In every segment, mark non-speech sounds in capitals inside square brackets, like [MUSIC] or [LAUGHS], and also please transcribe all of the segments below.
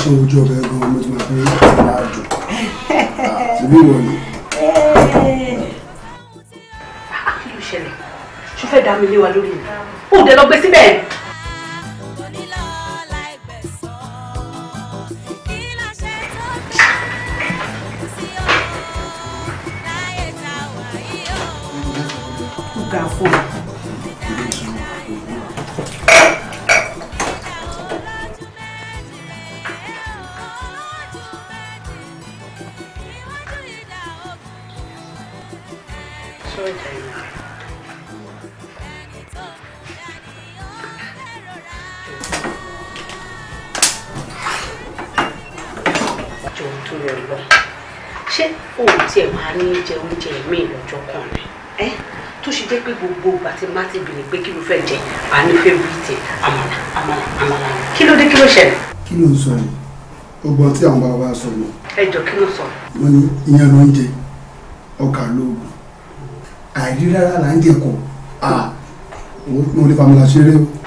ṣe ojú ọbẹ̀ gan-an mo ti máa fi ara dùn síbí ìwọ ni. kí ló ṣẹlẹ̀ ṣó dá mi lé wa lórí mi ó lọ gbé síbẹ̀. àti mati bìrì pé kí ló fẹ́ jẹ à ní fẹ́bìrìtì àmàlà àmàlà àmàlà kí ló dé kí ló ṣẹlẹ̀. kí ló ń sọ yìí gbogbo ọtí àwọn bàbá sọ lọ. ẹ jọ kí ló sọ. wọn ní ìyẹn ló ọkà lóògùn àìrí rárá là ń jẹ kọ à mo ṣeré o.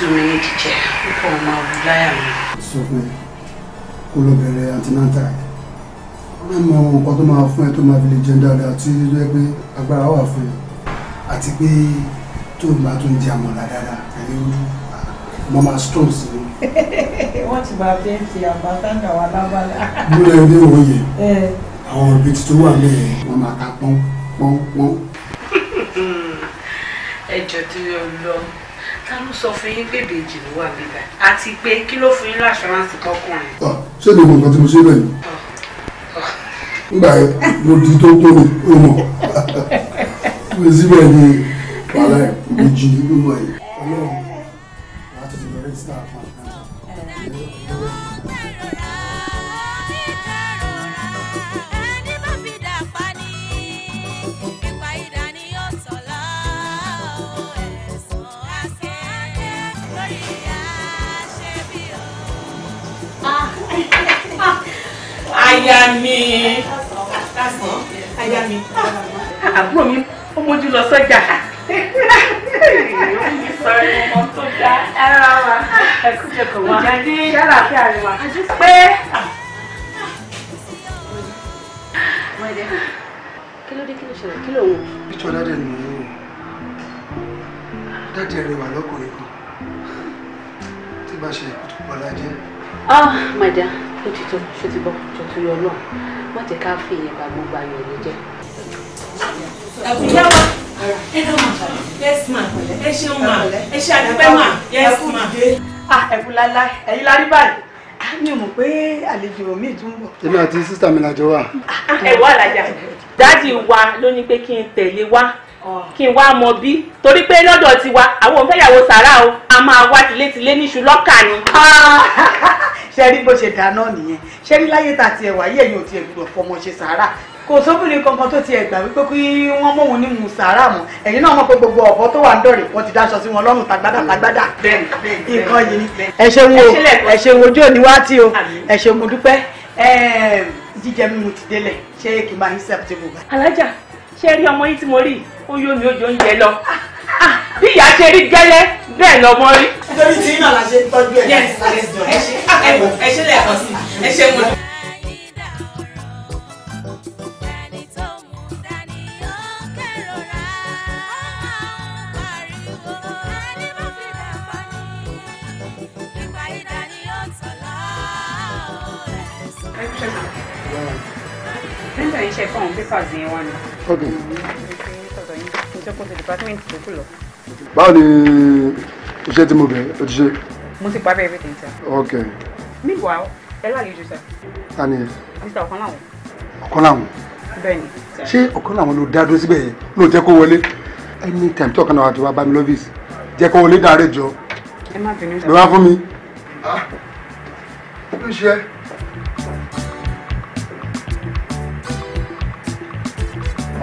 mùsùlùmí ní jíjẹ nípa ọmọ àwùláyà mi. sọ fún ẹ kó ló bẹ̀rẹ̀ antinanta ẹ mọ nǹkan tó máa fún ẹ tó máa fi lè jẹun dáadáa tí ó jẹ́ pé strong sí i. [LAUGHS] wọ́n ti bá bẹ́ẹ̀ fi àbátàǹdà wa lábàlá. múlẹ̀ [LAUGHS] eh. ní òye àwọn òbí tó wà lẹ́yìn lọ ta ló sọ fún yín pé ìbejì ló wà bíbá àti pé kí ló fún yín láṣọránsì tọkùnrin. Ah, ṣé mi mọ nǹkan tí mo ṣe bẹ́ẹ̀ ah, ah. nígbà yẹn mo di tó kún mi ó mọ̀ [LAUGHS] mo síbẹ̀ ní wàhálà ìbejì ló wà yìí. aya mi aya mi. àbúrò mi ó mójú lọ sọ́jà. sọ̀rọ̀ ọmọ tó dá. ẹ rà wá ẹ kú jẹ kọ̀ wá. ìjàdí yàrá àti àríwá. pé. kí ló dé kí ló ṣẹlẹ̀ kí ló wò. píṣọ dáadé nìyí dáadé rẹwà lọkùnrin kan tí bá ṣe ìkùtù pọ̀ lájẹ́. ah madam ó ti tó ṣe ti bọ́ jọ tó yọ náà má jẹ́ ká fi ìyẹn bá gbogbo ayọ̀ ní jẹ́. ẹ̀bùyá wa ẹ lọ mà yes ma ẹ ṣeun ṣe àdúpẹ́ ma yes ma. ah ẹ̀bùn lálá ẹ̀yin la rí báyìí ah, mi ò mọ̀ pé àlejò mi tún bọ̀. èmi àti sísá mi làjọ wà. Ah, ẹ wá làjà dáàdi wa ló ní pé kí n tẹ̀lé wá kí n wá mọ bí torí pé lọ́dọ̀ tiwa àwọn òǹfẹ́yàwó sàrà o a máa wá tilétilé níṣu lọ́kà ni. [LAUGHS] ṣe rí bó ṣe dáná nìyẹn ṣe rí láyé tá a ti ẹ̀wà yẹ̀ yóò ti ẹ̀ gbọ́dọ̀ fọmọ ṣe sàrà kò sóbìnrin kankan tó ti ẹ̀gbà wípé kí wọ́n mọ̀ òun ní mu sàrà mọ́ ẹ̀yin náà mọ̀ pé gbogbo ọ̀bọ tó wà ń dọ̀rẹ̀ wọ́n ti dáṣọ sí wọn lọ́rùn tagbádá tagbádá nǹkan yìí ni ẹ ṣeun o ẹ ṣeun ojú òní wá tí o ẹ ṣeun mo dúpẹ́ jíjẹ mímu ti délẹ̀ ṣé kì í máa ń ṣe gbogbo. alájà ṣe rí ọmọ yìí tí mo rí ó yó mi ó jẹ oúnjẹ lọ bí ìyá ṣe rí gẹ́lẹ́ bẹ́ẹ̀ lọ́mọ rí. nítorí tí ṣe ẹ ṣe lẹ́ẹ̀kan sí ẹ ṣe mo. sọ́dọ̀ yín ṣe fún àwọn pépàs ni. ok báwo ni iṣẹ́ tí mo bẹ̀rẹ̀ o ti ṣe. mo ti parí everything sir. ok. meanwhile ẹ lálejò sir. ta ni ẹ. mr ọ̀kanláwọn. ọ̀kanláwọn. bẹ́ẹ̀ni. ṣé ọ̀kanláwọn ló dá dúró síbẹ̀ yẹn ló jẹ́ kó wọlé anytime tí ọ̀kanláwọn àti wa bá mi lọ́fíìsì jẹ́ kó wọlé dáre jọ. ẹ má bínú sir. lọ́wọ́ fún mi. ah ló ń ṣe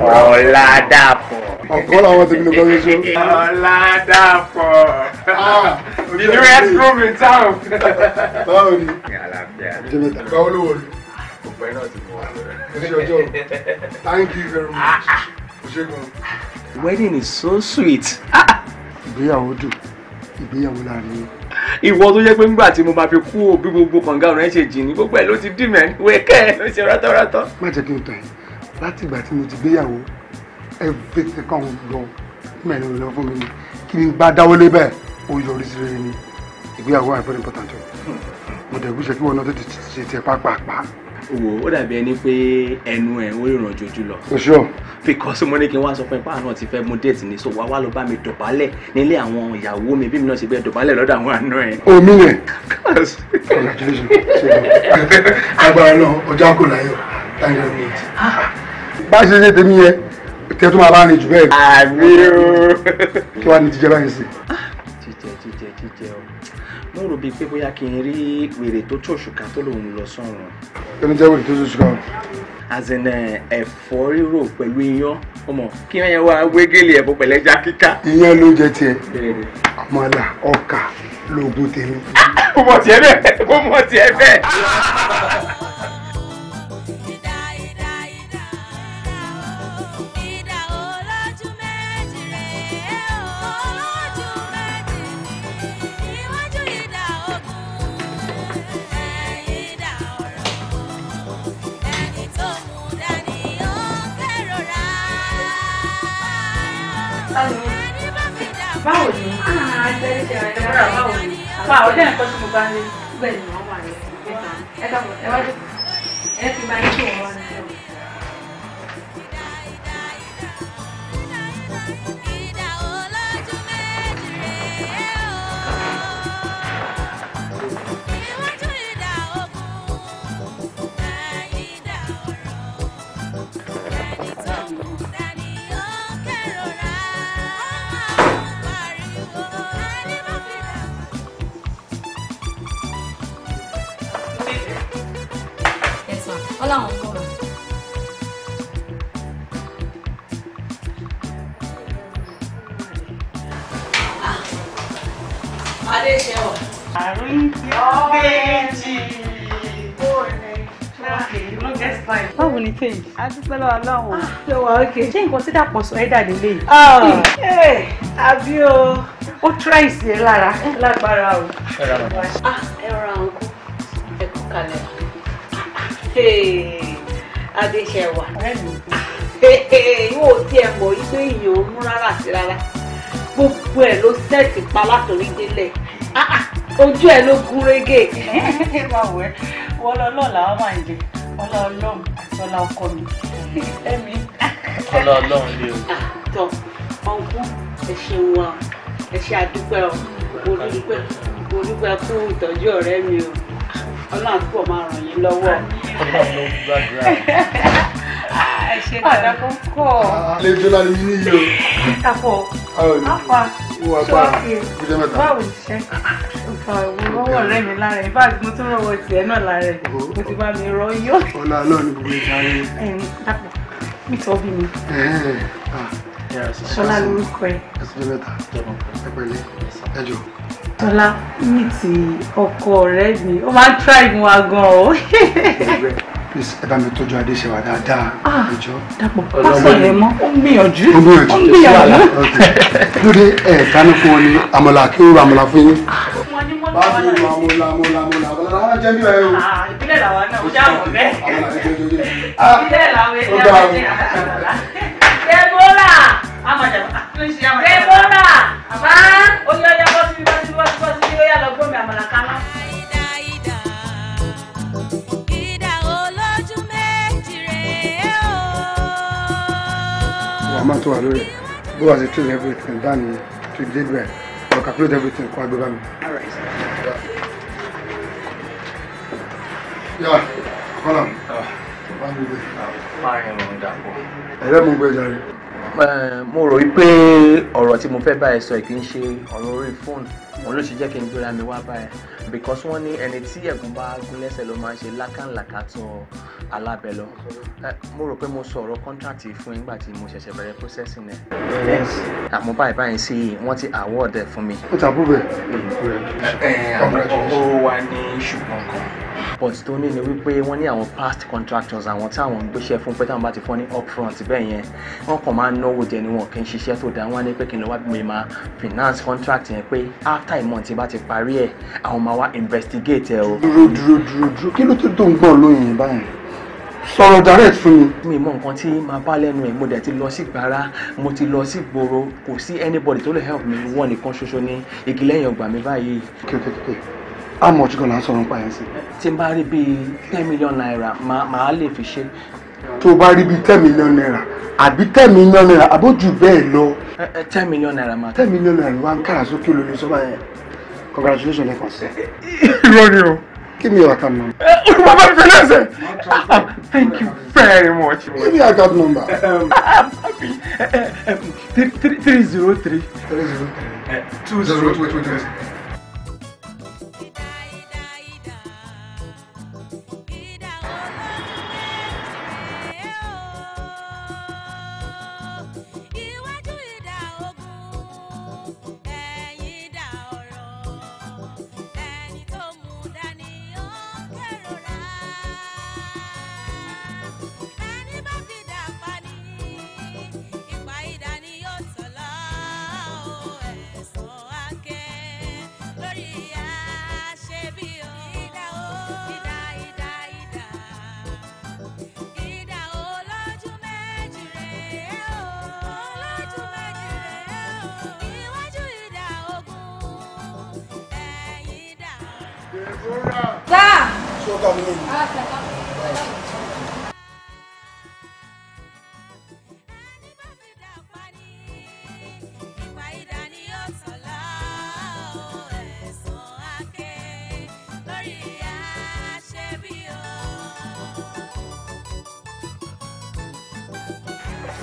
ọ̀la dàpọ̀. ọ̀kọ́ làwọn tèmi ló gbọ́ ṣoṣo. ọ̀la dàpọ̀. ìlú ah, restroom in town. báwo ni. àlàáfíà. jẹ́mẹ̀ta. báwo ló wò lù. ọ̀pẹ náà ti mú wa lọ. ọjọ́ thank you very much. oṣègùn. Ah, ah. wedding is so sweet. ìgbéyàwó dùn ìgbéyàwó láàrin ìwọ tó jẹ́ pé ńgbà tí mo máa fi kú òbí gbogbo kànga ọ̀rẹ́ ṣe jìn ní gbogbo ẹ̀ ló ti dì mẹ́ wẹ́kẹ́ ló ṣe rátọ́rátọ́. má jẹ́ kí n tàn yín láti ìgbà tí mo ti gbéyàwó everything kan lọ mẹ́rin lọ fún mi ni kí ni bá dáwọ́ lé bẹ́ẹ̀ ó yọrí sí rere ni ìgbéyàwó are very important o mo dẹ̀ wíṣẹ́ kí wọ́n náà tètè ṣe tiẹ̀ pàápàá. wo ó dàbí ẹni pé ẹnu ẹ ó ràn jojú lọ. o sure. because mo ní kí n wá sọ fún ẹ páànù ti fẹ́ mú déètì ní so wá wá lọ bá mi dọ̀bálẹ̀ nílé àwọn ìyàwó mi bí mi náà ṣe bẹ́ẹ̀ dọ̀bálẹ̀ lọ́dọ̀ àwọn àna ẹ. omi rẹ congratulations agbára náà ọjà kò láyọ̀ thank ah. you bá ṣe ṣe tèmi yẹ tẹ tó máa bá rìn jù bẹ́ẹ̀. àmì o. kí wàá ní jíjẹ báyìí sí. jíjẹ jíjẹ jíjẹ o mo rò bíi pé bóyá kí n rí wèrè tó tó òṣùká tó lòun lọ sọ̀run. ẹni jẹ́ wèrè tó tó òṣùká o. àzẹ̀nà ẹ̀fọ́ rírò pẹ̀lú iyán ọmọ kí wọ́n yẹn wá wégélé ẹ̀fọ́ pẹ̀lẹ́ já kíká. iyán ló jẹ tiẹ̀ àmàlà ọkà lóògùn tèmi. kò [LAUGHS] mọ̀ tiẹ̀ bẹ́ẹ̀ kò mọ̀ tiẹ̀ bẹ́ẹ̀. báwo ni àtẹ̀lẹ́sẹ̀ báwo ni fa ọ̀dẹ́ nǹkan tí mo bá ń lé bẹ́ẹ̀ ni wà ní ẹ̀ka ẹ̀ka ẹ̀ wájú ẹ̀ fi máa ń tó wọn wá ní ọ̀hún. wọ́n láwọn kọ́ wa. Adéṣẹ́wà. Àrùn ti ọ̀bẹ́jì. Báwo ni Téyì? A dúpẹ́ lọ́wọ́ Ọlọ́run. Ṣé wà ókè? Ṣé nǹkan tí dàpọ̀ sọ ẹ́dà nílé yìí? Ẹ àbí o, ó tíráì sí ẹ lára lágbára o. Ẹ ra àwọn adéṣẹwà ìwọ ò tiẹ̀ mọ̀ yí pé èèyàn mú rárá sí rárá gbogbo ẹ̀ ló sẹ́ẹ̀tì pa látòrí délẹ̀ ah, ah, ojú ẹ̀ ló gún régé. wọ́n lọ lọ́la wọn máa jẹ ọlá ọlọ́run àti ọlá ọkọ mi ẹ̀mí. ọlá ọlọ́run lé o. Ah, tọ ọ̀nkú ẹ wa ẹ ṣe àdúpẹ́ ọ olùdúpẹ́ fún ìtọ́jú ọ̀rẹ́ mi o. Ọlọ́run pọ̀ máa ràn yín lọ́wọ́. [LAUGHS] ṣe padà kó kọ̀. Àlejò láti yí ní Báwo ṣe? Ìfà ìwọ rẹ̀ mi lára ẹ̀. bá mi rọ́ yó. Ọlá náà ni gbogbo ìjà rẹ̀. Ẹ̀yin Mi tọ́ bí mi. Ṣọlá lórúkọ ẹ̀. Ẹ Tola, ní ti ọkọ rẹ mi ó máa ń try mu wa o. please ẹ bá mi tọ́jú adéṣèwà dáadáa ìjọ. Ah, dàpọ̀ pásọ̀ yẹn mọ́ ó ń gbìyànjú ó ń gbìyànjú. lóde ẹ̀ dáná fún wọn ní àmàlà kí ó ra àmàlà fún yín. báwo ah, ni mo àmàlà àmàlà àmàlà àmàlà àwọn jẹ́ bí o. Ah, ìbílẹ̀ làwọn náà ó jáwọ́ bẹ́ẹ̀. ìbílẹ̀ làwọn èèyàn jẹ́ àmàlà. ẹ̀ bọ́lá. Débora, bá oyè ọyà bọ́ sí bọ́ sí bọ́ sí bọ́ sí ilé ọyà lọ́gbọ́n mi àmàlà tó wà lórí Bó wàá ṣe clean everything down ní to the dead well. I'll everything kó agbé bá mi. Yà kọ́lá. Báyọ̀ ló dé. Báyọ̀ ló ń gbé jàre. Eh, mo rò wípé ọ̀rọ̀ tí mo fẹ́ bá ẹ sọ kì í ṣe ọ̀rọ̀ orí fóònù wọn ló ṣe jẹ́ kí n gbéra mi wá báyìí because wọ́n ní ẹni tí ẹ̀gún bá gún lẹ́sẹ̀ ló máa ń ṣe lákàlàkà tó alábẹ́ lọ eh, mo rò pé mo sọ ọ̀rọ̀ contract fún yín nígbà tí mo ṣẹ̀ṣẹ̀ bẹ̀rẹ̀ processing ẹ̀ àmọ́ báyìí báyìí sí i wọ́n ti award ẹ̀ fún mi. ó ta búbẹ̀. ọ̀rọ̀ wa ní ṣùgbọ́n kan but Tony, ní ni wípé wọ́n ní àwọn past contractors àwọn tí àwọn ń gbéṣẹ́ fún pé táwọn bá ti fọ́ ní upfront bẹ́ẹ̀ yẹn wọ́n kàn máa ń náwó jẹ ni wọn kì í ṣiṣẹ́ tó dáa wọ́n á ní pé kí n lọ wá bí mo finance contract yẹn pé after a month bá ti parí ẹ̀ àwọn máa wá investigate ẹ o. dúró dúró dúró dúró kí ló tó tó ń gbọ́ lóyìn báyìí sọ̀rọ̀ direct fún mi. mi mọ nǹkan tí màá bá lẹ́nu ẹ̀ mo dẹ̀ ti lọ sí gbàrà mo ti lọ sí gbòòrò kò sí anybody tó lè help me. wọ́n nìkan ṣoṣo ní igi lẹ́yìn ọgbà mi báyìí. okay okay okay how much gan la ń sọ̀rọ̀ nípa yẹn sí. tí n bá rí bíi ten million naira màá lè fi ṣe. tó o bá rí bíi ten million naira àbí ten million naira àbójú bẹ́ẹ̀ lọ. ten million naira máa. ten million naira wa ń kára sókè olórí sọ́ba yẹn congratulations lẹ́kàn sí. irọ́ ni o. kí mi your account number. olùwà mi fẹ́ lẹ́sẹ̀. thank you very much. kí mi your account number. Um, three zero three. three zero three. two zero two two two.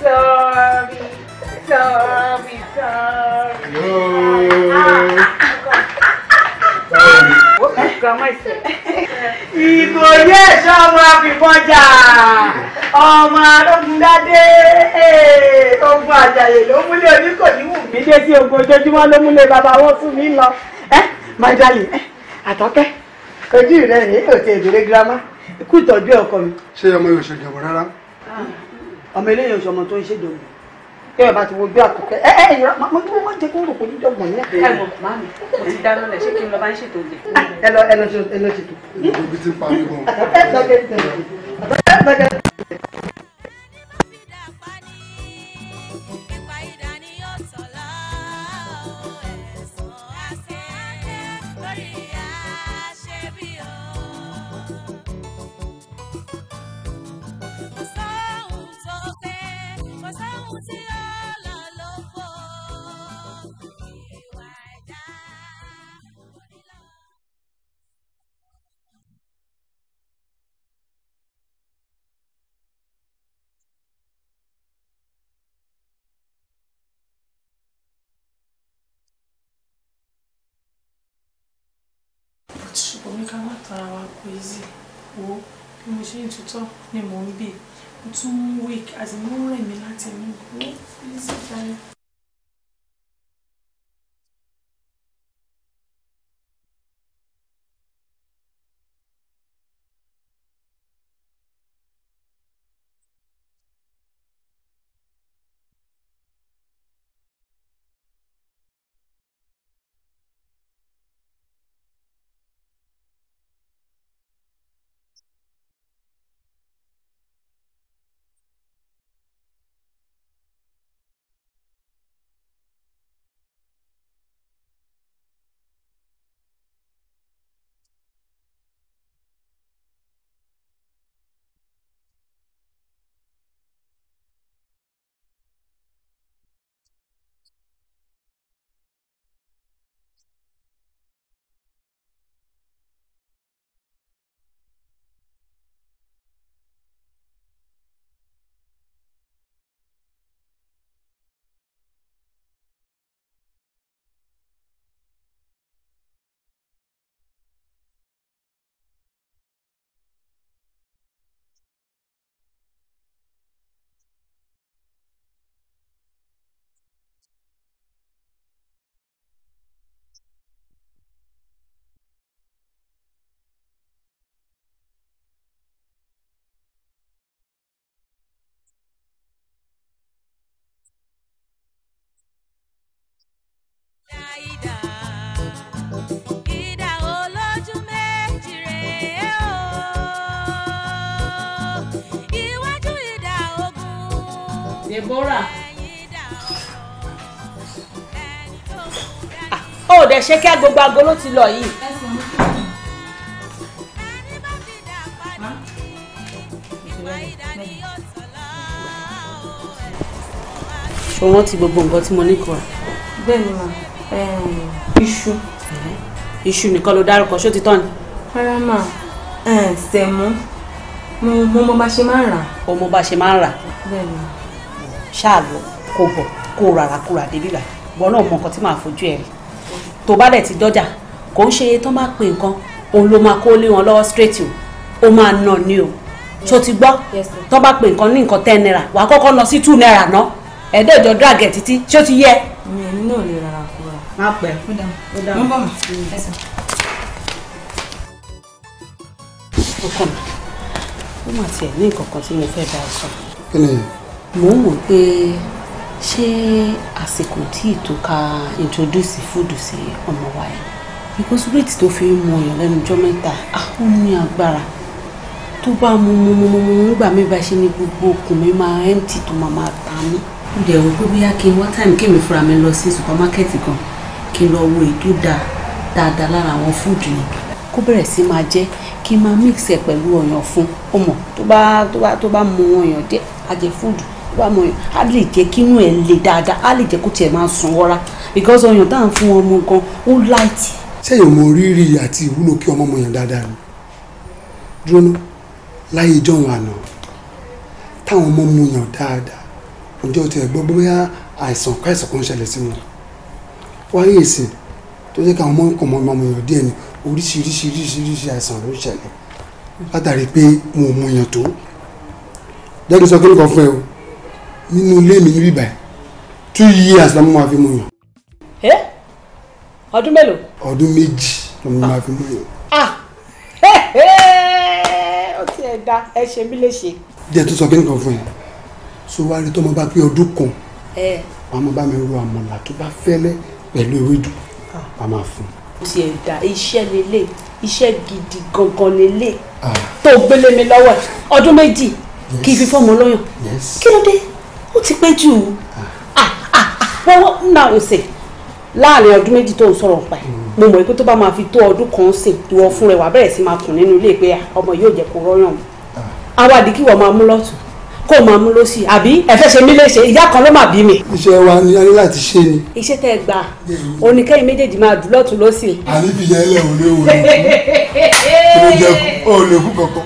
sorry, sorry, sorry. Ó kì í kan mọ́ ìsìn. Ìgòyè ẹ̀ṣọ́ ọmọ àfìfọ́jà, ọmọ Arógundádé, ogun àjàyè ló múlé oníkòníwù mí dé sí ogun ojoojúmọ́ ló múlé bàbá wọn fún mi lọ. Ẹ my darling, àtọ́kẹ́, ojú rẹ̀ ní òtí èdèrè girama, ikú ìtọ́jú ọkọ mi. Ṣé ọmọ yóò ṣèjọba rárá? ọmọ eléyìí oṣù ọmọ tó ń ṣèjọba kí ọba ti wo bí àtúkẹ ẹ ẹ ìrọ mọ mọ mọ jẹ kó rò kó ní dọgbọn ní ẹkọ. ẹ bọ máa mi mo ti dáná lẹ ṣé kí n lọ bá ń ẹ lọ ẹ lọ ṣètò. ẹ lọ kẹ́kẹ́ ní ká má tara wa kó easy wo bí mo ṣe ń tutọ́ ni mò ń bì mo tún ń wake àti mo ń rẹ̀ láti inú wo easy jàre. Deborah. Ah, ó dẹ̀ ṣe kí agbogbo aago ló ti lọ yìí. ṣòwò ti gbogbo nǹkan tí mo ní kọ́. bẹ́ẹ̀ ni màá. Eh. iṣu. Mm-hmm. iṣu nìkan ló dárúkọ ṣó ti tán ni. rárá mà eh, sẹ̀mú mo mọ bá ṣe máa ń rà. o mọ bá ṣe máa ń rà. bẹ́ẹ̀ni. ṣáà lọ kó bọ̀ kó rárá kó rà débìlà ìwọ náà mọ nǹkan tí màá fojú ẹ rí tó bá dẹ̀ ti dọ́jà kò ń ṣe tó máa pè nǹkan òun ló máa kó lé wọn lọ́wọ́ straight o ó máa nà ni o tó ti gbọ́ tó bá pè nǹkan ní nǹkan ten naira wàá kọ́kọ́ lọ sí two naira ná ẹ̀ẹ́dẹ́jọ drag ẹ̀ títí ṣé ó ti yẹ. mi ò ní náà lè ra má pẹ́ ó dà mọ́ bọ̀ mọ́ ẹ̀sán. ọkọ mi ó mà tiẹ̀ ní nǹkan kan tí mo fẹ́ bá a sọ. kí ni. mò ń wò pé ṣé àsìkò tí ètò ká introduce fúdù sí ọmọ wa yìí because rate tó fi ń mu ọyàn lẹ́nu ọjọ́ mẹ́ta ah, ó ní agbára tó bá mu mu mu mu mu nígbà mi bá ṣe ni gbogbo okùn mi máa empty tó máa máa ta mí. ó dẹ̀ wò pé bóyá kí n wá time kémi fúnra mi lọ sí supermarket kan kí n lọ wo èyí tó dáa dáadáa lára àwọn fúdù yẹn kó bẹ̀rẹ̀ sí máa jẹ́ kí n máa mix ẹ̀ pẹ̀lú ọ̀yàn fún ọmọ tó bá tó bá tó bá mu ọ̀yàn díẹ̀ ajẹ fúdù tó bá mu ọ̀yàn á lè jẹ́ kí inú ẹ̀ le dáadáa á lè jẹ́ kó tiẹ̀ máa sùn wọ́ra because ọ̀yàn tá à ń fún ọmọ gan ó láìtì. sẹ́yìn mo rírì àti ìwúlò kí ọmọ ọmọ yàn dáadáa ni dúró ná láyé ìjọ́un àná táwọn ọmọ mu yàn dáadáa ǹjẹ́ o ti ẹ̀ gbọ́ bóyá àìsàn káìsàn kan ṣẹlẹ̀ sí wọn wáyé ìsìn tó jẹ́ káwọn ọmọ nǹkan ọmọ èèyàn díẹ̀ ni oríṣiríṣi oríṣiríṣi àìsàn ló ń ṣẹlẹ̀ látàrí pé mo mú èèyàn tó jẹ́ni sọ kíni kan fún ẹ o nínú ilé mi níbí báyìí two years la mo máa fi mú yàn. ẹ ọdún mélòó. ọdún méjì la mo máa fi mú yàn. ah, ah! ó ti ẹ̀ da ẹ ṣe mí léṣe. jẹ́ tó sọ kíni kan fún ẹ so wá rí tọ́mọ bá pé ọdún kan wàá mọ bá mi ro àmàlà tó bá fẹ́lẹ́ pẹ̀lú ewédú a máa fún. ó ti ẹ̀ dá iṣẹ́ lélẹ̀ iṣẹ́ gidi gangan lélẹ̀ ah. tó gbélé mi lọ́wọ́ ọdún méjì kì í fi fọ́ọ̀mù olóyàn kí ló dé ó ti pẹ́ jù ah. Ah, wọ́n náà ń sè láàrin ọdún méjì tó ń sọ̀rọ̀ pa ẹ̀ mm. mo mọ̀ pé tó bá máa fi tó ọdún kan sè ìwọ fún rẹ̀ wà bẹ̀rẹ̀ sí máa kùn nínú ilé pé ọmọ yóò jẹ́ kó rọ́yàn àwa àdìkí wọ́n máa mú lọ́tún kó máa mú lọ sí i àbí ẹ fẹ́ ṣe mí léṣe ìyá kan ló mà bí mi. iṣẹ́ wa ni a ní láti ṣe ni. iṣẹ́ tẹ́ ẹ gbà oníkẹ́yìn méjèèjì máa dùn lọ́tún lọ́sìn. àníbi yẹn lẹ̀ ò léwu ni [LAUGHS] ó lè kú kankan.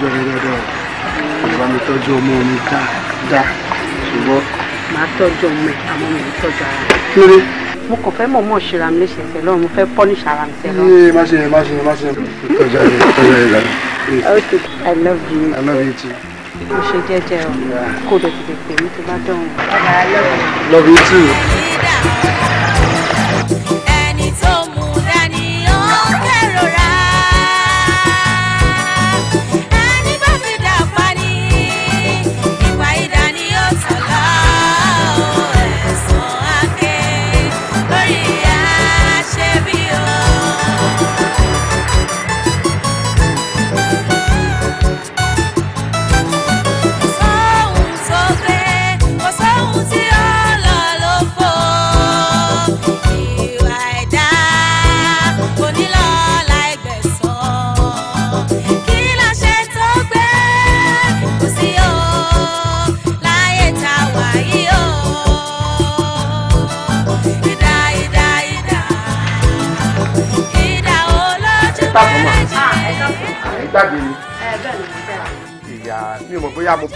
tọ́jú rẹ dáadáa o mi tọ́jú ọmọ mi dáadáa ṣùgbọ́n. màá tọ́jú ọmọ ẹ àmọ́ mi ò tọ́jú ara rẹ. mo kàn fẹ́ mọ̀ọ́mọ̀ ṣera mi léṣe ẹ̀fẹ̀ lọ́wọ́ mo fẹ́ pọ́nìṣ ara mi sẹ́lọ́. yéé má ṣe má ṣe má ṣe tọ́jú rẹ tọ́jú rẹ okay i love you. i love you too. mo ṣe jẹ́jẹ́ o kó o dẹ̀ tètè pè mí tó bá dán o. love you too.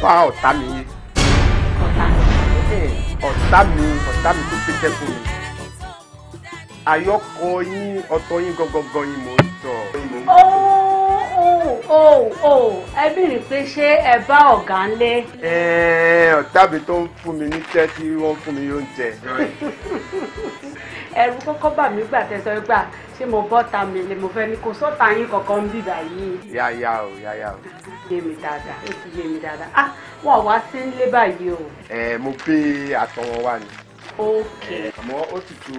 fa ọ̀tá mi yé hmm, ọ̀tá mi ọ̀tá mi tó pété fún mi àyọkọ yín ọ̀tọ̀ yín gangan yín mò ń sọ. o oh, o oh, oh, ẹ bìrì pé ṣé ẹ bá ọ̀gá ń lé. ọ̀tá mi tó ń fún mi níṣẹ́ tí wọ́n fún mi yóò jẹ. [LAUGHS] ẹ̀rù kọ́kọ́ bà mí gbà tẹ̀sọ́ gbà ṣé mo bọ́ ta mi lè mo fẹ́ ni kò sọ́ta yín kankan bí báyìí. yáyà o yáyà o. yé mi dáadáa ó ti yé mi dáadáa ah wọn wá sí nílé báyìí o. ẹ mo gbé aṣọ wọn wá ni. ok. àmọ́ ó ti tu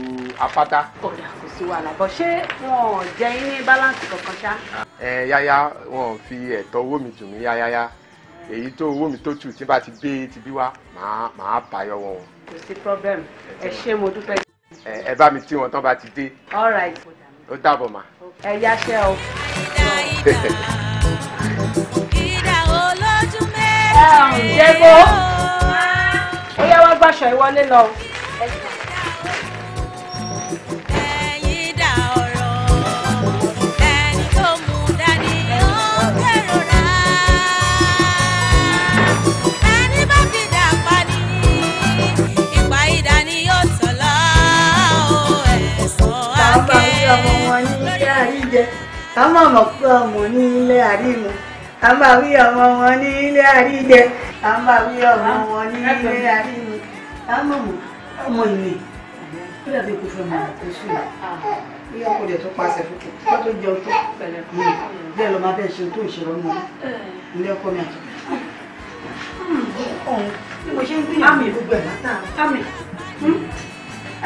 apáta. ọ̀dà kò sí wàhálà bọ̀ ṣé wọn ò jẹ yín ní báláǹsì kankan ṣá. ẹ yáyà wọn ò fi ẹ̀tọ́ owó mi dùn mí yáyáyá èyí tó owó mi tó tù tí bá ti gbé ti bí wá màá màá bàyọ wọn. kò sí problem ẹ ṣé mo dúpẹ́ ẹ bá mi tí wọn tán bá ti dé. all right. ó dàbọ̀ mà. ẹ yáṣẹ́ o. ìdá olójú méjì. ẹ ò jẹ́ bó. ó yá wá gbàṣọ ìwọlé lọ. ọmọ wọn ní ilé àríjẹ ká má mọ̀ pé ọmọ ní ilé àrímu ká má wí ọmọ wọn ní ilé àríjẹ ká má wí ọmọ wọn ní ilé àrímu ká mọ̀ mọ̀ ọmọ ìwé kí lóde kò fẹ́ mọ̀ tó sùn bí ọkọ̀ rẹ̀ tó pàṣẹ fún kí wọ́n tó jẹun tó bẹ́ẹ̀ lọ́ọ́ máa bẹ́ẹ̀ ṣe tó ìṣòro mọ́ ilé ọkọ mi àtúntò hmm. ọ̀hún bí mo ṣe ń gbìyànjú gbogbo ẹ̀ látà.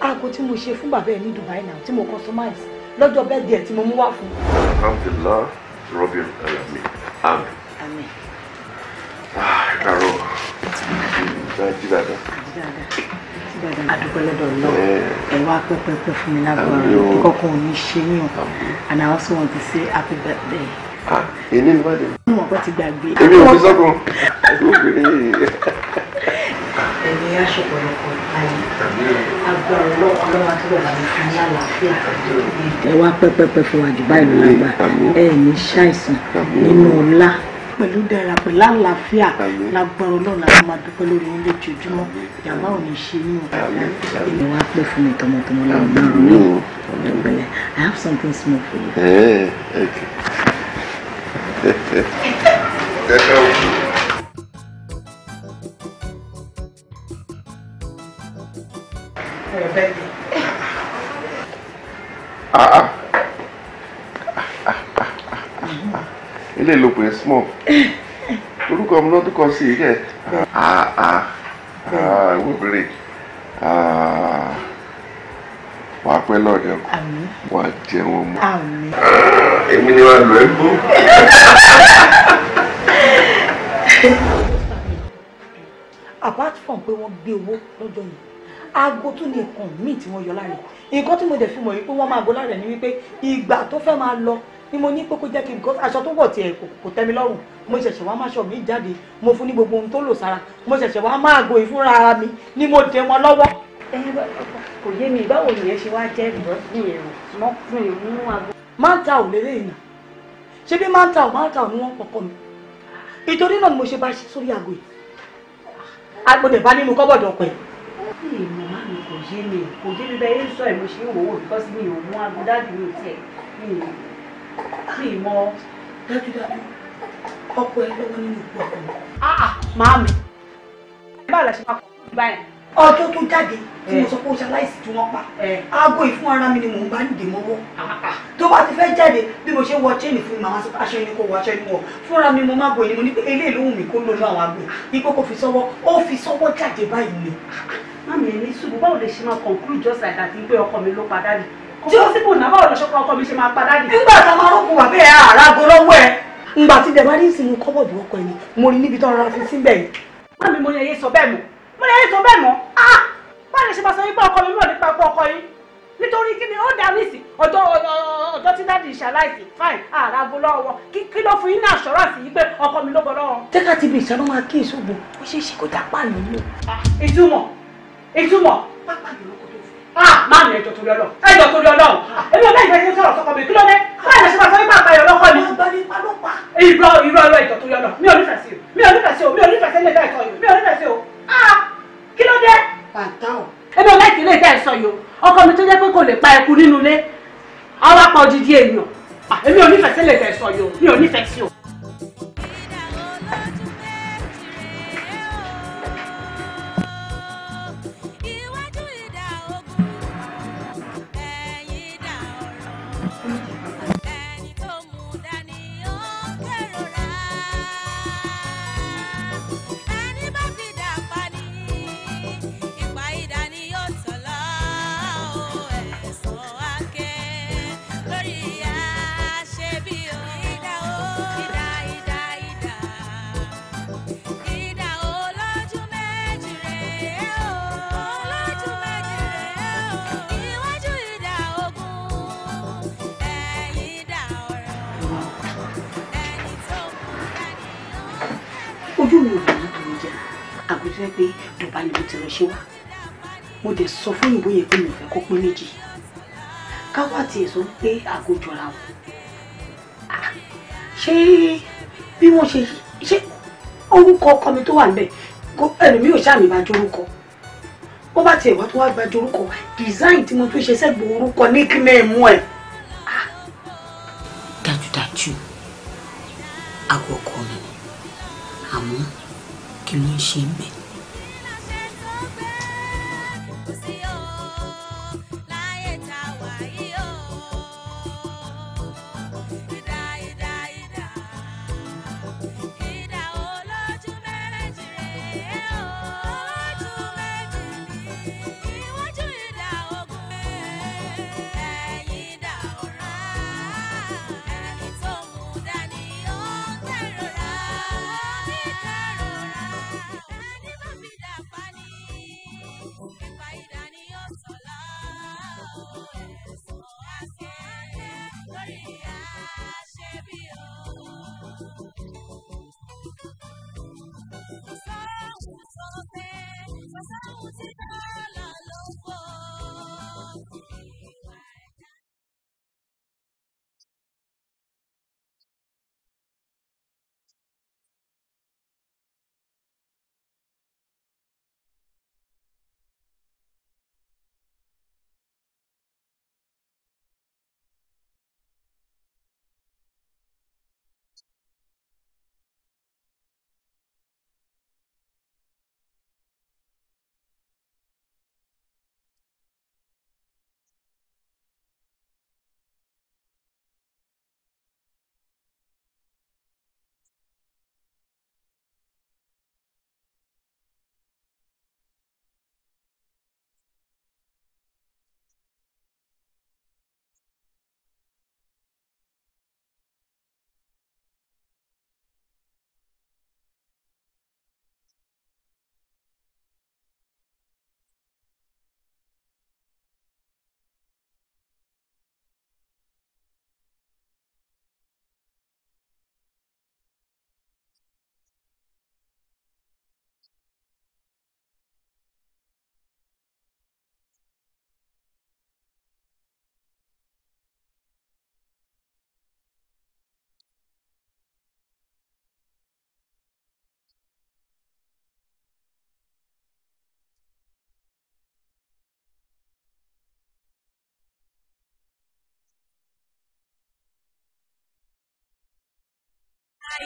aago tí mo ṣe fún bàbá ẹ ní Dubai náà tí mo customize lọ́jọ́ bẹ́ẹ̀ díẹ̀ tí mo mú wá fún. alhamdulilah robin alami eh, amen. amen. Ah, karo dájú dada. adúgbò lọ́dọ̀ lọ eh. ẹ wá pẹ́pẹ́pẹ́ fún mi lágbára kọ́kọ́ ò ní ṣe yín o and I also want to say happy birthday èlé ni bàdé. mo kọ́ ti gbàgbé. èmi ò fi sọ́kàn lóbìnrin yìí. ẹ̀mí aṣọ ọ̀pọ̀lọpọ̀ ayé agbára ọlọ́kọ̀ lọ́wọ́ tó bẹ̀rẹ̀ àmì fún lálàáfíà. ẹ wá pẹ́pẹ́pẹ́ fún wàjú báyìí ló gbà pẹ̀lú dára pẹ̀lú àlàáfíà lágbára ọlọ́run láti máa dúpẹ́ lórí yín lójoojúmọ́ ìyàwó àwọn ìṣe yín o. ìwọ fún mi tọmọtọmọ láwọn márùn-ún I have something small for you ah ah o. ilé ìlú pé small orúkọ ọmọ náà tó kọ sí i kẹ. ah ah ah wọ́n bèrè ah wàá pẹ́ lọ́dẹ kù wàá jẹ wọn mọ́. Ah, èmi ni wàá lọ ẹ gbó. [LAUGHS] apart from pé wọ́n gbé owó lọ́jọ́ yìí aago tún ní nǹkan míì tí wọ́n yọ lára nǹkan tí mo dẹ̀ fi mọ̀ yìí wọ́n máa gbọ́ lára ni wípé ìgbà tó fẹ́ máa lọ ni mo ní kókó jẹ́ kí n kọ́ aṣọ tó wọ̀ tiẹ̀ kò tẹ́ mi lọ́rùn mo ṣẹ̀ṣẹ̀ wá máṣọ mi jáde mo fún ní gbogbo ohun tó lò sára mo ṣẹ̀ṣẹ̀ wá máa gbo ìfúnra ara mi ni mo dé wọn lọ́wọ́ kò yé mi báwo nìyẹn ṣe wá jẹ́ ìrọ́pìn èrò mọ́kùnrin mú ò lérè ìnà ṣé bí máńtà ò máńtà ò ní wọ́n pọ̀pọ̀ mi ìtorí náà ni mo ṣe bá ṣe sórí àgbo yìí agbọ̀dẹ̀ bá nínú kọ́bọ̀dọ̀ ọ̀pẹ. màmá mi kò yé mi kò yé mi bẹ́ẹ̀ ń sọ ẹ̀ mo ṣe ń wò ó bíkọ́sí mi ò mú àgbo dájú mi ò tiẹ̀ mi ì mọ dájúdájú ọkọ ẹ lọ́wọ́ nínú ìgbọ̀kọ̀. máa mi ah, ah, báwo la ṣe máa kọ́ ọjọ́ tó jáde tí mo eh. sọ pé ó tí wọ́n pa eh. aago ìfún ara mi ni mò ń ah, ah, ah. tó bá ti fẹ́ jáde bí mo ṣe wọ chain fún mi màá kò wọ aṣọ ẹni wọ fúnra mi mo má mo ní pé eléyìí mí kó ló àwọn fi ó fi jáde báyìí ni. mami ẹni ṣe máa conclude just like that pé ọkọ mi kó mo lè rí tó bẹ́ẹ̀ mọ́ ah báwo ni ṣe máa sọ wípé ọkọ mi mọ̀ nípa ọkọ ọkọ yín nítorí kí ni ó dá nísì ọjọ́ ọjọ́ tí dáàdi ìṣàláìsì fine àràgbo lọ́wọ́ kí ló fún yín náà ṣọ́ra sí yí pé ọkọ mi ló bọ̀ lọ́wọ́. tẹ́ka ti bí ìṣáná máa kí ìṣògùn ó ṣe é ṣe kó dá páàlú mú. Ah, ìtumọ̀ ìtumọ̀ pápá ìlú kò tó fẹ́. máa mi ẹjọ́ torí ọlọ́run ẹjọ́ torí ọlọ́run ah. èmi ò bẹ́ẹ̀ ìgbésẹ̀ sọ̀rọ̀ sọ́kọ mi kí ló dé báyìí lọ́sẹ̀ máa sọ nípa àpáyọ̀ lọ́kọ mi. ìrọ̀ ìrọ̀ ẹjọ́ torí ọlọ́run mi ò nífẹ̀ẹ́ sí o mi ò nífẹ̀ẹ́ sí o mi ò nífẹ̀ẹ́ sí kò lè pa eku nínú ilé ọwọ́ apá odidi èèyàn ah, èmi ò nífẹ̀ẹ́ sílẹ̀ tẹ̀ yìí o mi ò nífẹ̀ẹ́ sí o. yẹn pé mi ò fẹ́ kó pín méjì káwá tiẹ̀ sọ pé àgọ́ jọra wọn ṣé bí wọ́n ṣe ṣe orúkọ ọkọ mi tó wà níbẹ̀ ẹlòmíì ò ṣàmì máa jórúkọ bó bá tiẹ̀ wá tó wá gba jórúkọ design tí mo tún ṣe sẹ́gbọ̀ orúkọ ní kí mẹ́ẹ̀ mú ẹ̀. dájúdájú àgọ́ ọkọ mi àmọ́ kí ló ń ṣe ń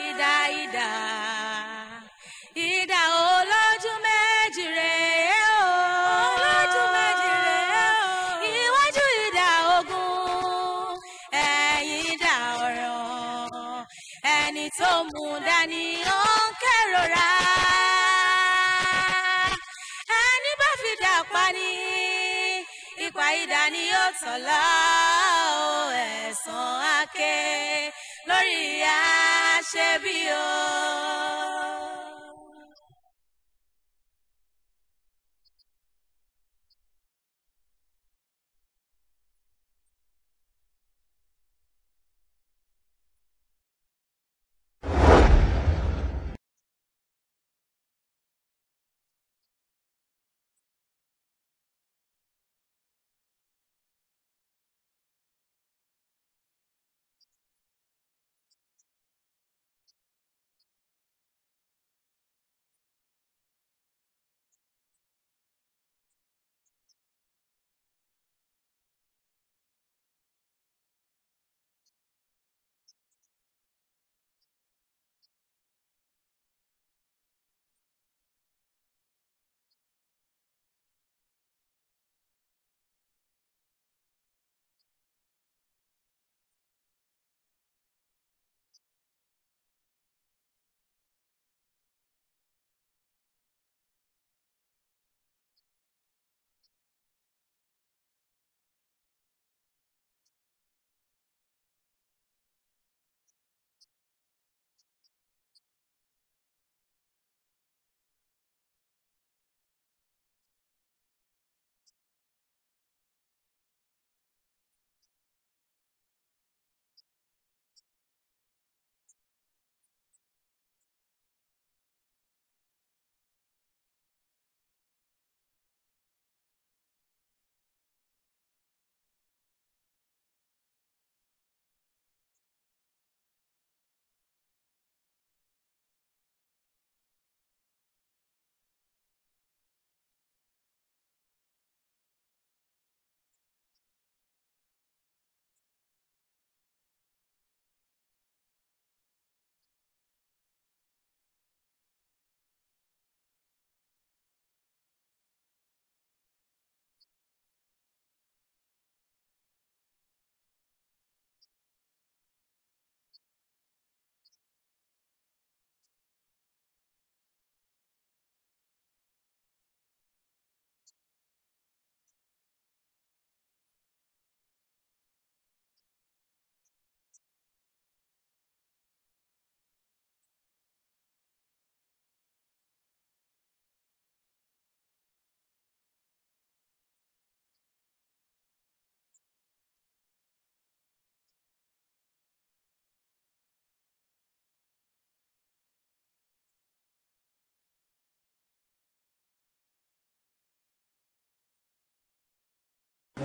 ìdá ìdá ìdá olójú méjì rèé o olójú méjì rèé o iwájú ìdá ogun ẹ̀yìn ìdá ọ̀ràn ẹni tó mú dání ó ń kérora ẹni bá fi dà pa ni ipa ìdá ni ó tọ̀ lá o ake lórí àṣebí o.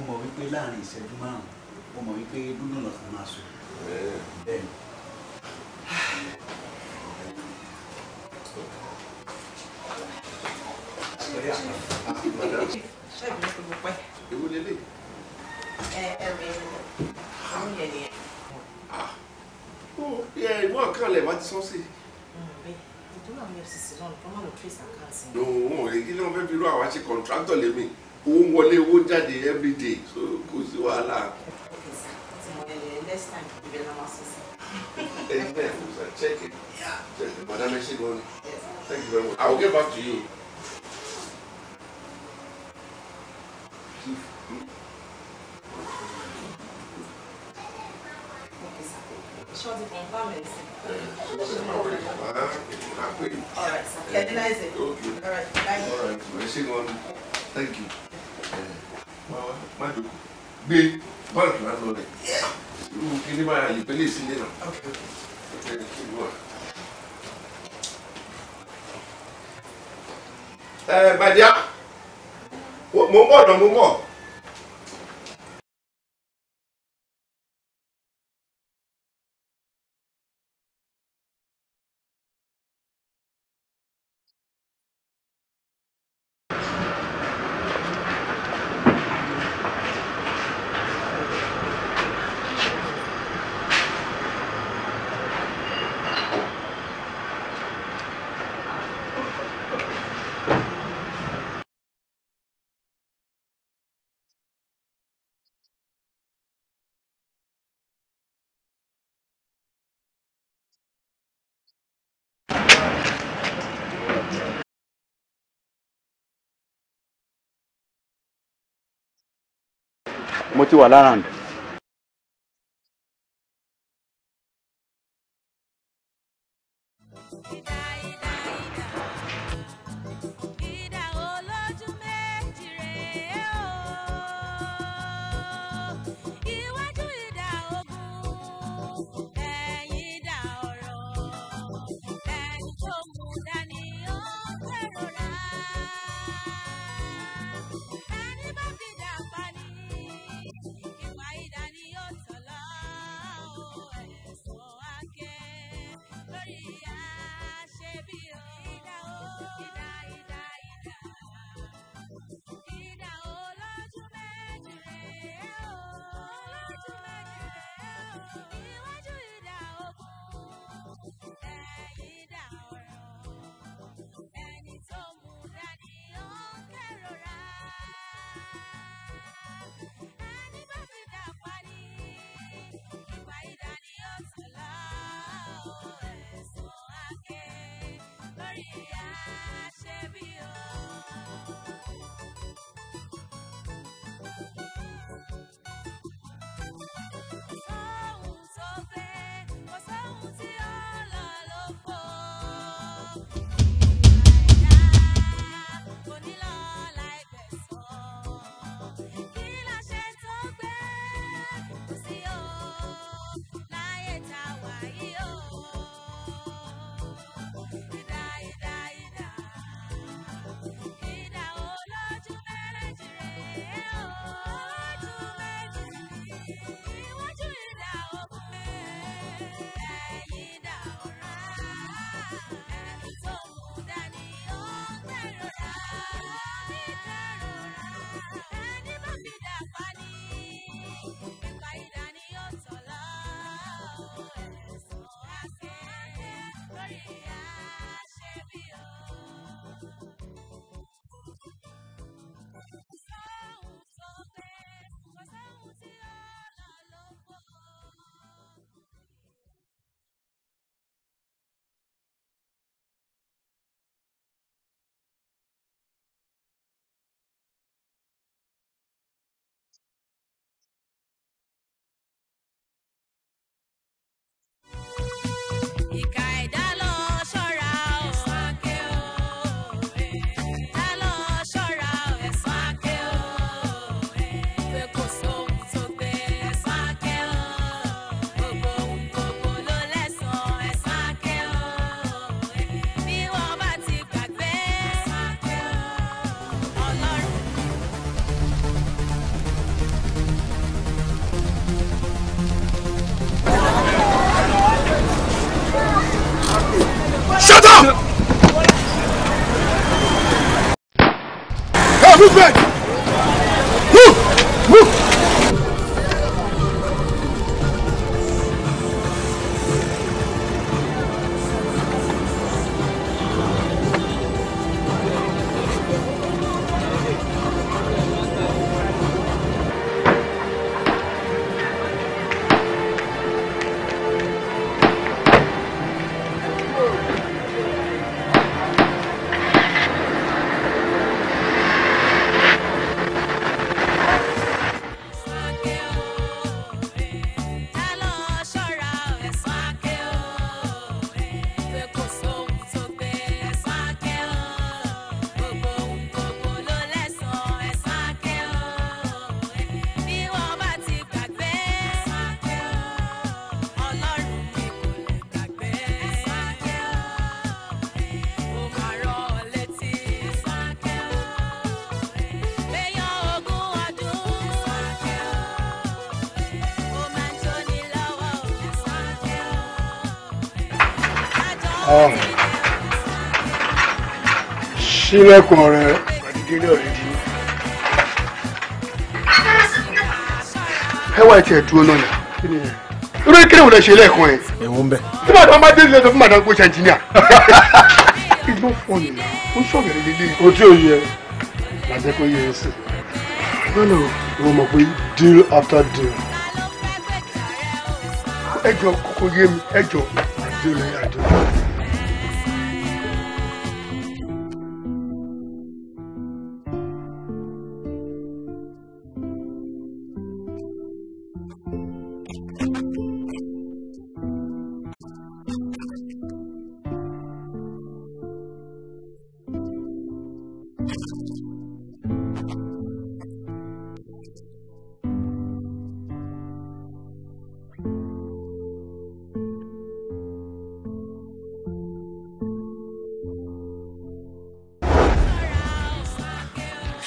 mo mọ̀ wípé láàrin ìṣẹ́jú márùn-ún mo mọ̀ wípé dúdú lọ́sàn máa sùn. bẹ́ẹ̀ni. ṣé ìbí ló gbogbo pẹ́. ewu lélẹ̀. ẹ ẹ mi àwọn yẹn nìyẹn. ó yẹ ìmọ̀ kan lẹ̀ wá ti sọ́ọ́ sí i ìdúrà mi ẹ̀ sì sí náà lọ́nà ló trace àkáǹtì. òun ò lè kí ló ń fẹ́ fi irú àwa ṣe kọ̀ǹtrátọ̀ lémi ó ń wọlé owó jáde day. so kò sí wàhálà. Eh, [LAUGHS] Amen. Check it. Yeah. Check it. Madam, I see money. Yes. Thank you very much. I will get back to you. Okay, sir. Sure, the confirm is. Eh, ah, All right, sir. Can you nice it? Okay. All right. Thank you. All right. I thank you gbé bọ́ọ̀lù tó bá lọ rẹ̀ irú kíní báyà yìí pẹ̀lú ìsinmi náà ẹ bàjẹ́ eh, mo ń bọ̀ ọ̀dọ̀ mo ń bọ̀. mo ti wà lára nù. movement! ilẹ̀kùn ọ̀rẹ́. ẹwà ẹ̀ tiẹ̀ dúró náà yà irú ìkíni wò lè ṣe lẹ́ẹ̀kan ẹ̀. ẹ̀wọ̀n bẹ́ẹ̀. tí màdàmú bá dé ilé sọ fún màdàmú kó ṣe ẹnjìníà. fọyín náà ó ṣọ̀gẹ̀rẹ̀ lélẹ̀. o tí ò kó yẹ ẹ lọ́nà ìwọ mọ̀ pé deal after deal. ẹjọ́ kókó yé mi ẹjọ́ àdéhùn ẹ̀yà àdéhùn.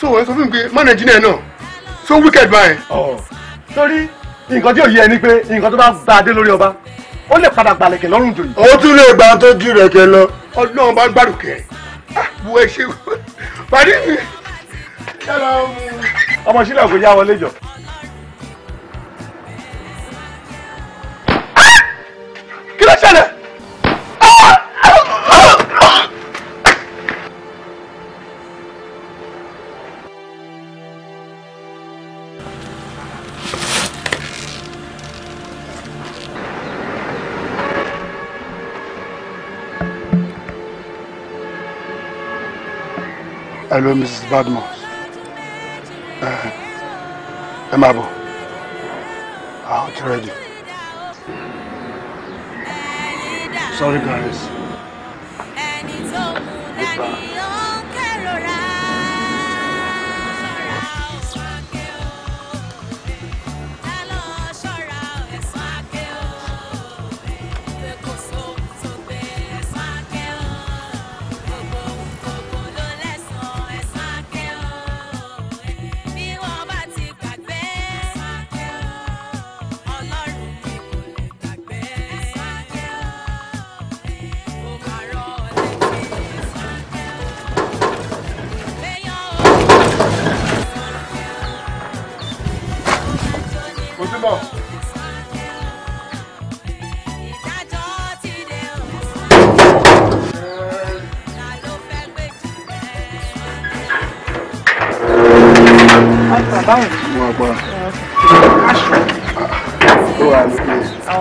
so ẹ sọ fún mi pé manager náà so wicked báyẹn. sórí nǹkan tí ò yẹ ni pé nǹkan tó bá gba adé lórí ọba ó lè padà gbàlẹ̀kẹ̀ lọ́rùn jòyè. ó tún lè gbà tó ju rẹ̀ kẹ lọ. ọlọ́run bá gbàdùn kẹ́ ah, bu ẹ ṣe pàdé mi. ọmọ sílẹ̀ kò já wọlé jọ. hello mrs badmus ẹ máa bọ̀ àwọn ti sorry guys. Ó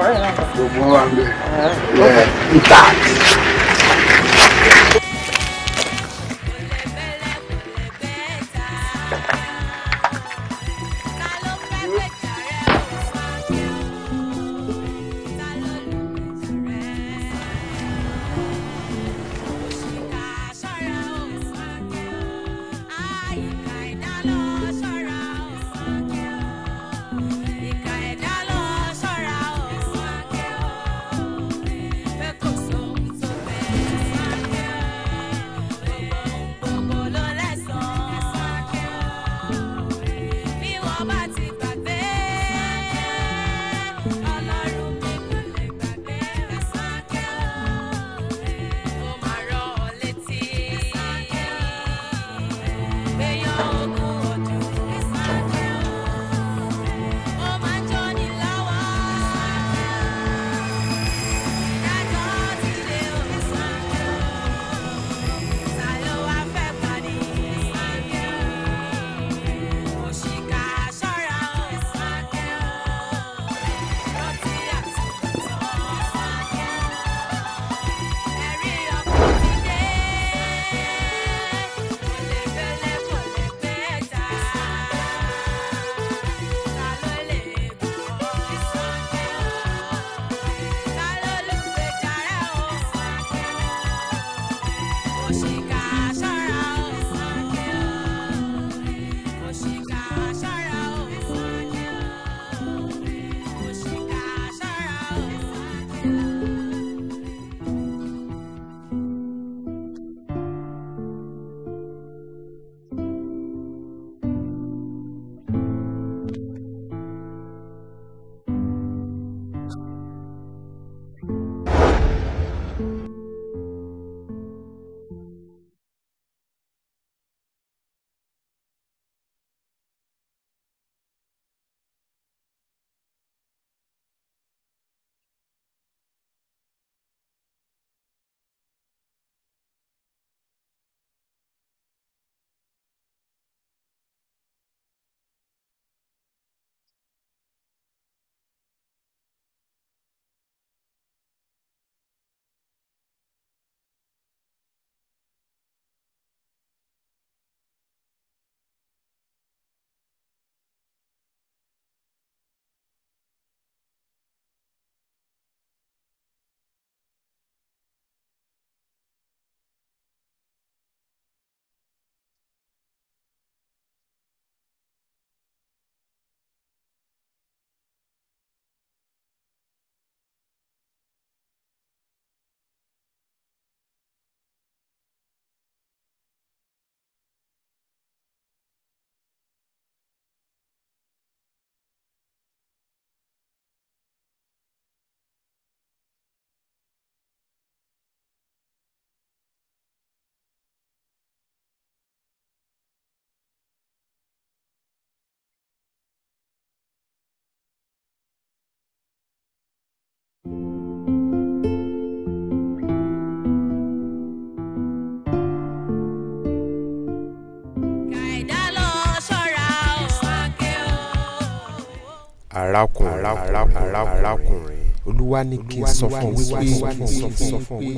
arákùnrin arákùnrin arákùnrin olúwa ní kí n sọ fún wípé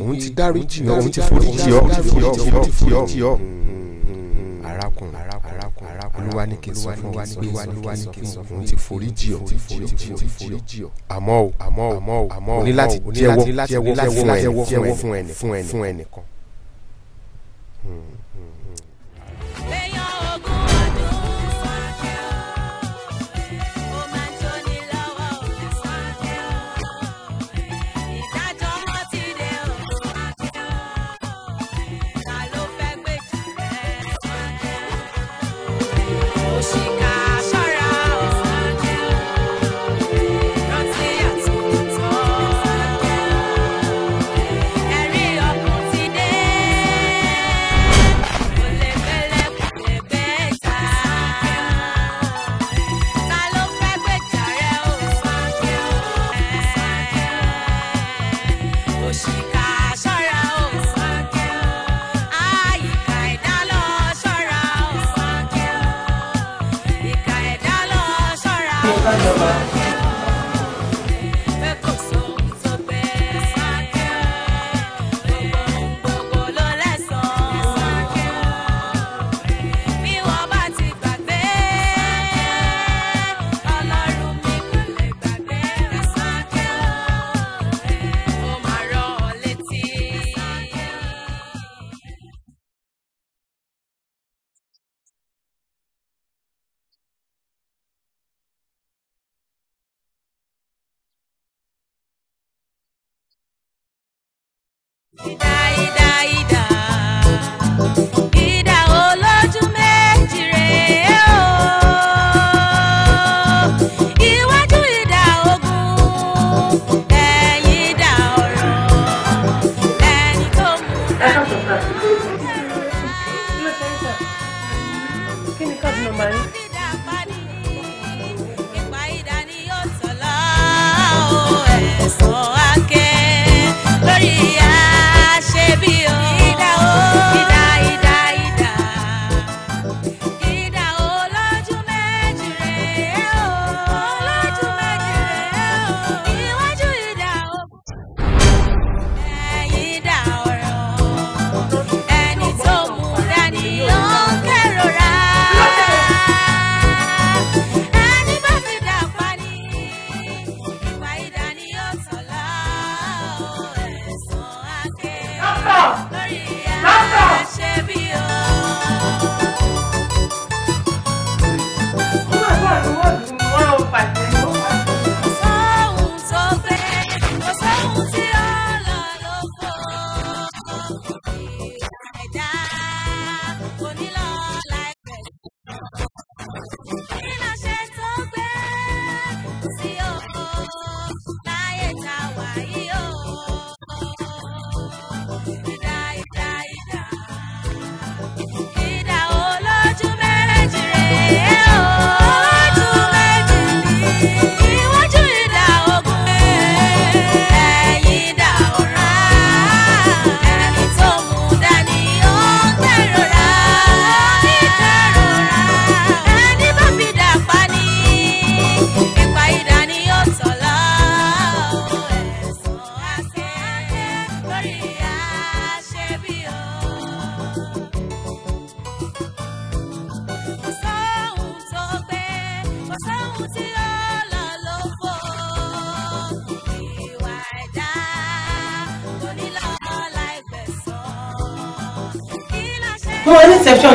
òun ti dáríjì ọ́ òun ti foríjì ọ́ òun ti foríjì ọ́ arákùnrin olúwa ní kí n sọ fún wípé òun ti ti, ti, foríjì ọ́ àmọ́ o àmọ́ o àmọ́ o ní láti jẹ́wọ́ jẹ́wọ́ fún ẹnì fún ẹnì kan.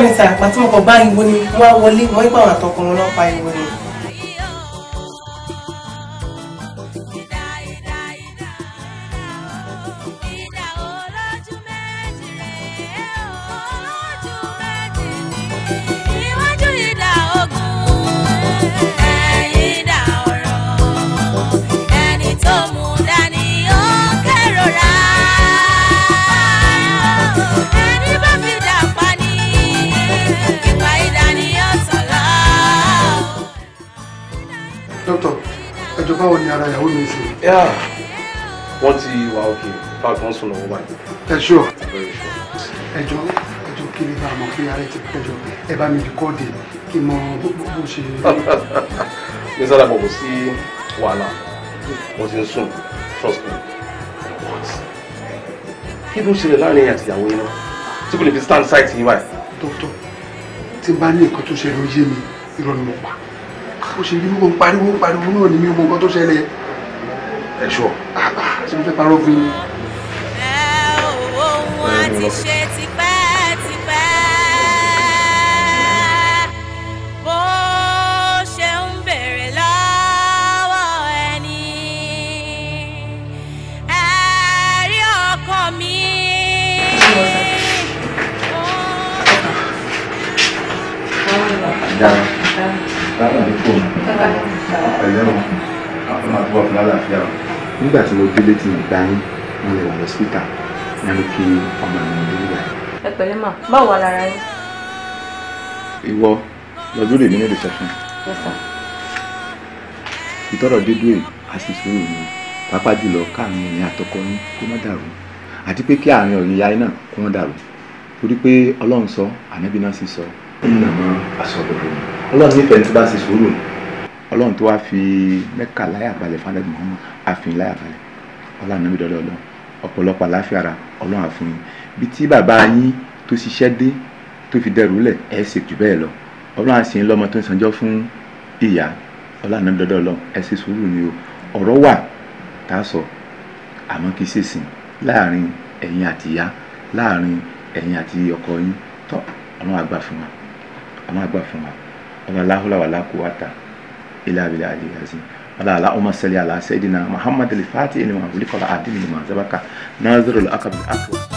ní sàpá tí mo kàn bá ìwo ni wọ́n wọlé wọ́n pàwọn àtọkùnrin ọlọ́pàá ìwo ni. ara ìyàwó mi sí. wọ́n ti wà òkè fáàkì sùn lọ́wọ́ báyìí. ẹ ṣọ ẹjọ ẹjọ kí ni bá a mọ pé ara ẹ ti pẹjọ ẹ bá mi di kọ́ọ̀dì kí n mọ bó ṣe. [LAUGHS] ní sábà kò sí wàhálà mo ti ń sùn trust me kí ló ṣẹlẹ̀ láàrin ẹ̀yà àtìyàwó yín náà tí kò lè fi stand site yín báyìí. dókítà tí n bá ní nǹkan tó ṣẹlẹ̀ ó yé mi irọ́ ni mo pa bó ṣe rí mò ń pariwo pariwo náà ni mi ò mọ nǹkan tó ṣẹlẹ̀ ẹ̀ṣọ́ ah, ah, ah, ṣé mo fẹ́ parọ́ fún yín. ẹ ò ohun àti ṣe tipẹ́ tipẹ́ bó ṣe ń bèrè lọ́wọ́ ẹni ẹ̀rí ọkọ mi. Yeah tó mu pẹ̀lẹ́ o àwọn àtúbọ̀ fún àlàáfíà o. nígbà tí mo délé tí mo gbá yín mo lè wà lọ síta wọn ló kí ọmọ mi ní ìgbà. ẹ pẹ̀lẹ́ mà báwo wà lára yín. ìwọ lọ́jọ́ lè mí ní reception. Yes sir. ìtọ́rọ̀ dédúró àṣìṣe òun ni pàápàá jùlọ káàrin ìyá àtọkọ yín kó má dàrú àti pé kí àárín ọ̀rìn ìyá yín náà kó má dàrú torí pé ọlọ́run sọ ànábì náà sì sọ. ìlànà àsọ̀rọ̀ rẹ̀ ọlọ́run nífẹ̀ẹ́ tí bá ṣe sùúrù ni. ọlọ́run tó wá fi mẹ́kà láyà balẹ̀ fún alẹ́ mọ́mọ́ àfin láyà balẹ̀ ọlọ́run náà mi dọ́dọ̀ ọlọ́run ọ̀pọ̀lọpọ̀ àláfíà ara ọlọ́run àfin yín bí tí bàbá yín tó ṣiṣẹ́ dé tó fi dẹrù lẹ̀ ẹ̀ ṣe jù bẹ́ẹ̀ lọ ọlọ́run àṣì ń lọ́mọ tó ń sanjọ́ fún ìyá ọlọ́run náà mi dọ́dọ̀ ọlọ́run ẹ̀ ṣe sùúrù ni o ọ̀rọ̀ wà tá a sọ àmọ́ kì í ṣèṣìn láàrin ẹ̀yin àti ìyá láàrin ẹ̀yin àti ọkọ yín tọ́ ọlọ́run àgbà fún wa ọlọ́run àgbà fún wa wala lahula wala quwata illa billahi ali azim wala allahumma salli ala sayidina muhammad al-fatih lima wuli qala adil lima sabaka nazirul aqab al-aqwa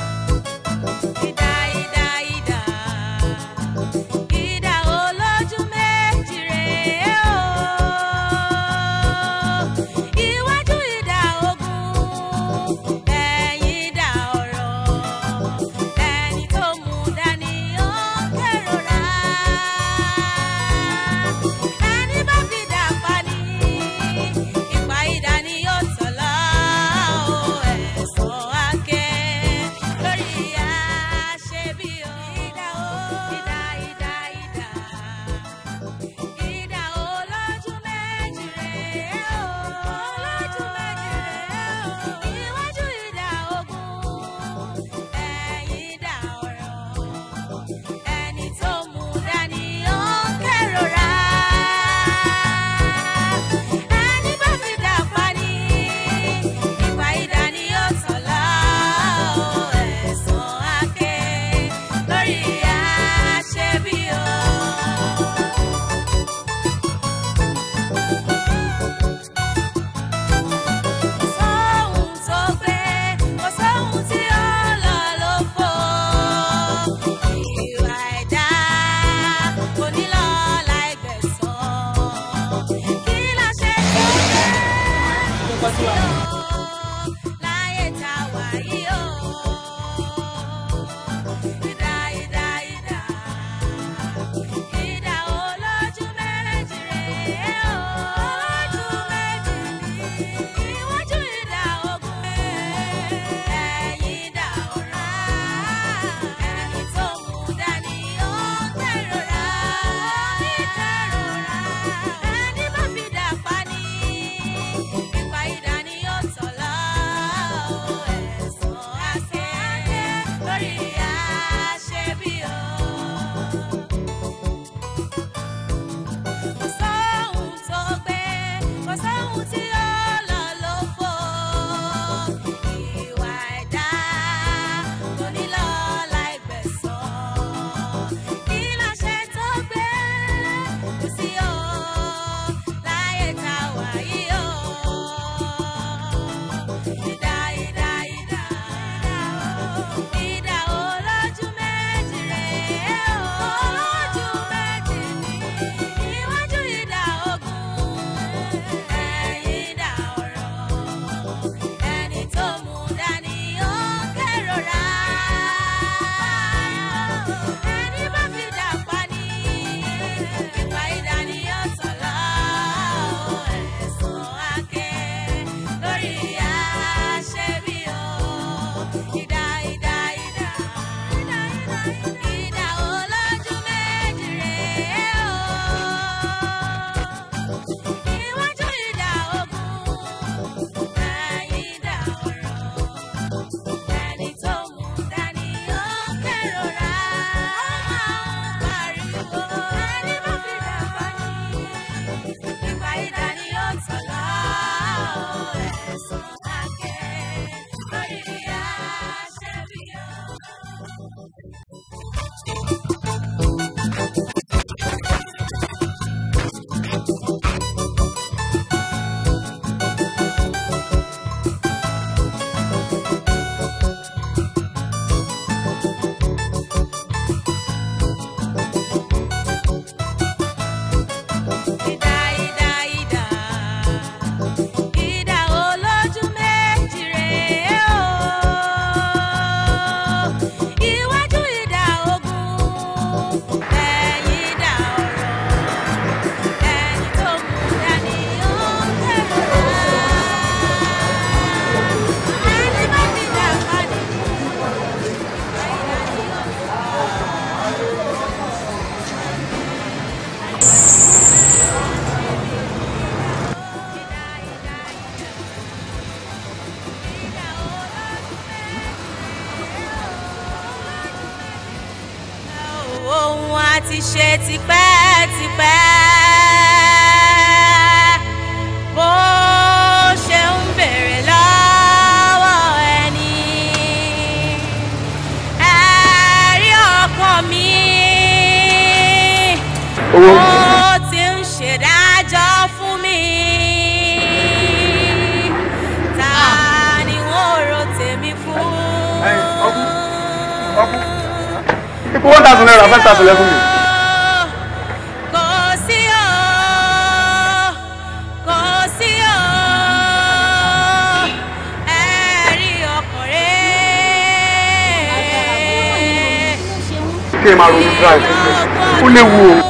meu ovo.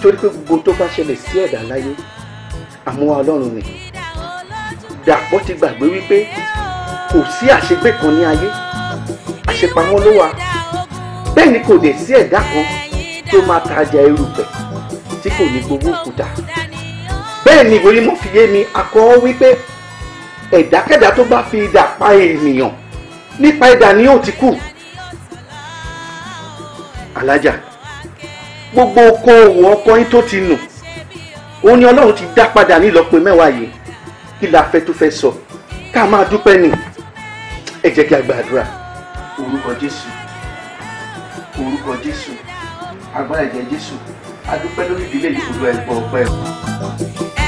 nítorí pé gbogbo tó bá ṣẹlẹ̀ sí ẹ̀dá láyé àmúwá ọlọ́run ni dàpọ̀ ti gbàgbé wípé kò sí àṣegbé kan ní ayé àṣepamọ́ ló wà bẹ́ẹ̀ ni kò dẹ̀ sí ẹ̀dá kan tó máa tajà erùpẹ̀ tí kò ní gbogbo òkúta bẹ́ẹ̀ ni ìwé mímọ́ fi yé mi akọ́ wípé ẹ̀dákẹ́dá tó bá fi idà pa ènìyàn nípa idà ni ó ti kú alájà gbogbo okòòwò ọkọ yín tó ti nù ó ní ọlọ́run ti dá padà nílọ́pin mẹ́wàá yìí kí la fẹ́ tó fẹ́ sọ ká máa dúpẹ́ ni ẹ jẹ́ kí a gbàdúrà orúkọ jésù orúkọ jésù agbára ẹ̀jẹ̀ jésù a lórí ìdílé ìṣòro ẹ̀gbọ́n ọpẹ́ o.